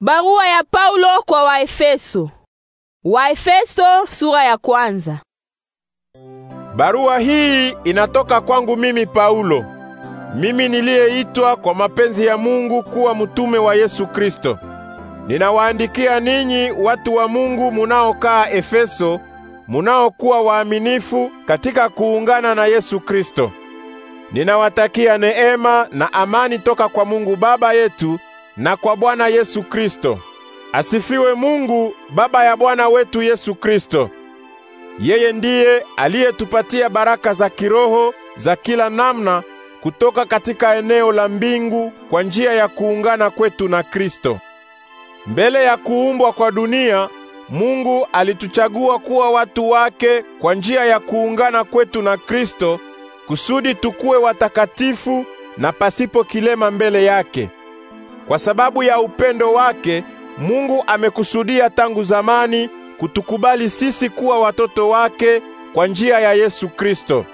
Barua ya Paulo kwa Waefeso. Waefeso sura ya kwanza. Barua hii inatoka kwangu mimi Paulo. Mimi niliyeitwa kwa mapenzi ya Mungu kuwa mtume wa Yesu Kristo. Ninawaandikia ninyi watu wa Mungu munaokaa Efeso, munaokuwa waaminifu katika kuungana na Yesu Kristo. Ninawatakia neema na amani toka kwa Mungu Baba yetu na kwa Bwana Yesu Kristo. Asifiwe Mungu Baba ya Bwana wetu Yesu Kristo. Yeye ndiye aliyetupatia baraka za kiroho za kila namna kutoka katika eneo la mbingu kwa njia ya kuungana kwetu na Kristo. Mbele ya kuumbwa kwa dunia, Mungu alituchagua kuwa watu wake kwa njia ya kuungana kwetu na Kristo kusudi tukue watakatifu na pasipo kilema mbele yake. Kwa sababu ya upendo wake, Mungu amekusudia tangu zamani kutukubali sisi kuwa watoto wake kwa njia ya Yesu Kristo.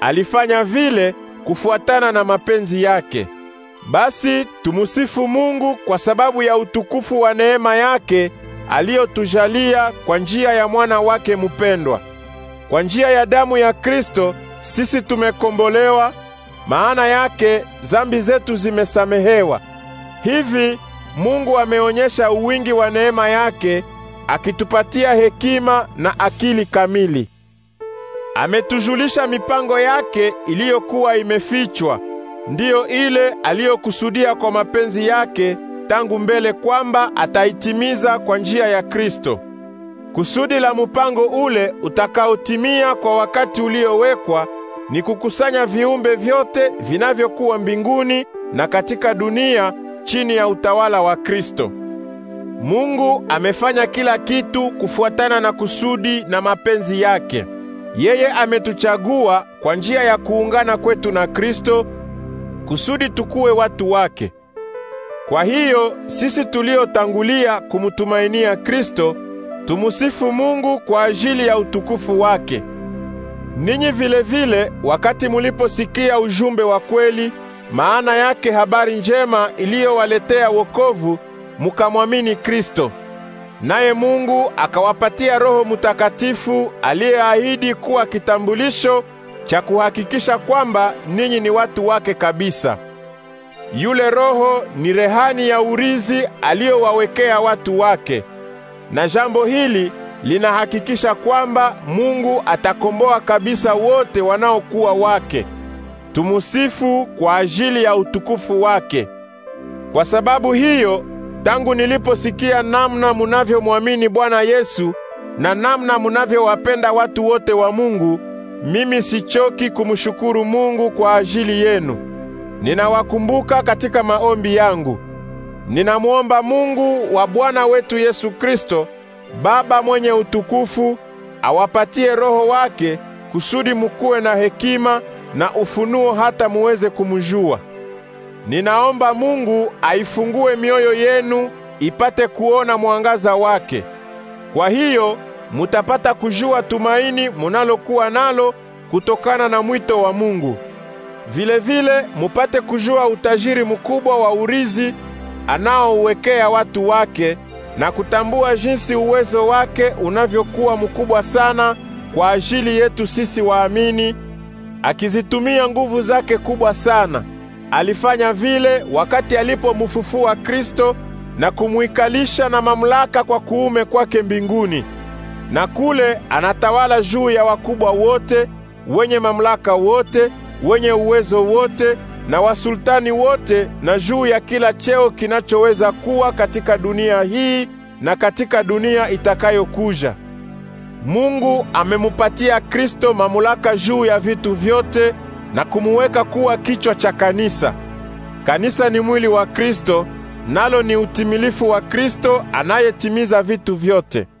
Alifanya vile kufuatana na mapenzi yake. Basi tumusifu Mungu kwa sababu ya utukufu wa neema yake aliyotujalia kwa njia ya mwana wake mupendwa. Kwa njia ya damu ya Kristo sisi tumekombolewa, maana yake zambi zetu zimesamehewa. Hivi Mungu ameonyesha uwingi wa neema yake akitupatia hekima na akili kamili. Ametujulisha mipango yake iliyokuwa imefichwa, ndiyo ile aliyokusudia kwa mapenzi yake tangu mbele kwamba ataitimiza kwa njia ya Kristo. Kusudi la mpango ule utakaotimia kwa wakati uliowekwa ni kukusanya viumbe vyote vinavyokuwa mbinguni na katika dunia chini ya utawala wa Kristo. Mungu amefanya kila kitu kufuatana na kusudi na mapenzi yake. Yeye ametuchagua kwa njia ya kuungana kwetu na Kristo kusudi tukuwe watu wake. Kwa hiyo sisi tuliotangulia kumtumainia Kristo tumusifu Mungu kwa ajili ya utukufu wake. Ninyi vile vile wakati muliposikia ujumbe wa kweli maana yake habari njema iliyowaletea wokovu mukamwamini Kristo. Naye Mungu akawapatia Roho Mutakatifu aliyeahidi kuwa kitambulisho cha kuhakikisha kwamba ninyi ni watu wake kabisa. Yule Roho ni rehani ya urizi aliyowawekea watu wake. Na jambo hili linahakikisha kwamba Mungu atakomboa kabisa wote wanaokuwa wake Tumusifu kwa ajili ya utukufu wake. Kwa sababu hiyo, tangu niliposikia namna munavyomwamini Bwana Yesu na namna munavyowapenda watu wote wa Mungu, mimi sichoki kumshukuru Mungu kwa ajili yenu. Ninawakumbuka katika maombi yangu. Ninamwomba Mungu wa Bwana wetu Yesu Kristo, Baba mwenye utukufu, awapatie Roho wake kusudi mukuwe na hekima na ufunuo hata muweze kumjua. Ninaomba Mungu aifungue mioyo yenu ipate kuona mwangaza wake. Kwa hiyo mutapata kujua tumaini munalokuwa nalo kutokana na mwito wa Mungu. Vile vile mupate kujua utajiri mkubwa wa urizi anaouwekea watu wake na kutambua jinsi uwezo wake unavyokuwa mkubwa sana kwa ajili yetu sisi waamini akizitumia nguvu zake kubwa sana. Alifanya vile wakati alipomfufua Kristo na kumwikalisha na mamlaka kwa kuume kwake mbinguni, na kule anatawala juu ya wakubwa wote, wenye mamlaka wote, wenye uwezo wote na wasultani wote, na juu ya kila cheo kinachoweza kuwa katika dunia hii na katika dunia itakayokuja. Mungu amemupatia Kristo mamlaka juu ya vitu vyote na kumuweka kuwa kichwa cha kanisa. Kanisa ni mwili wa Kristo, nalo ni utimilifu wa Kristo anayetimiza vitu vyote.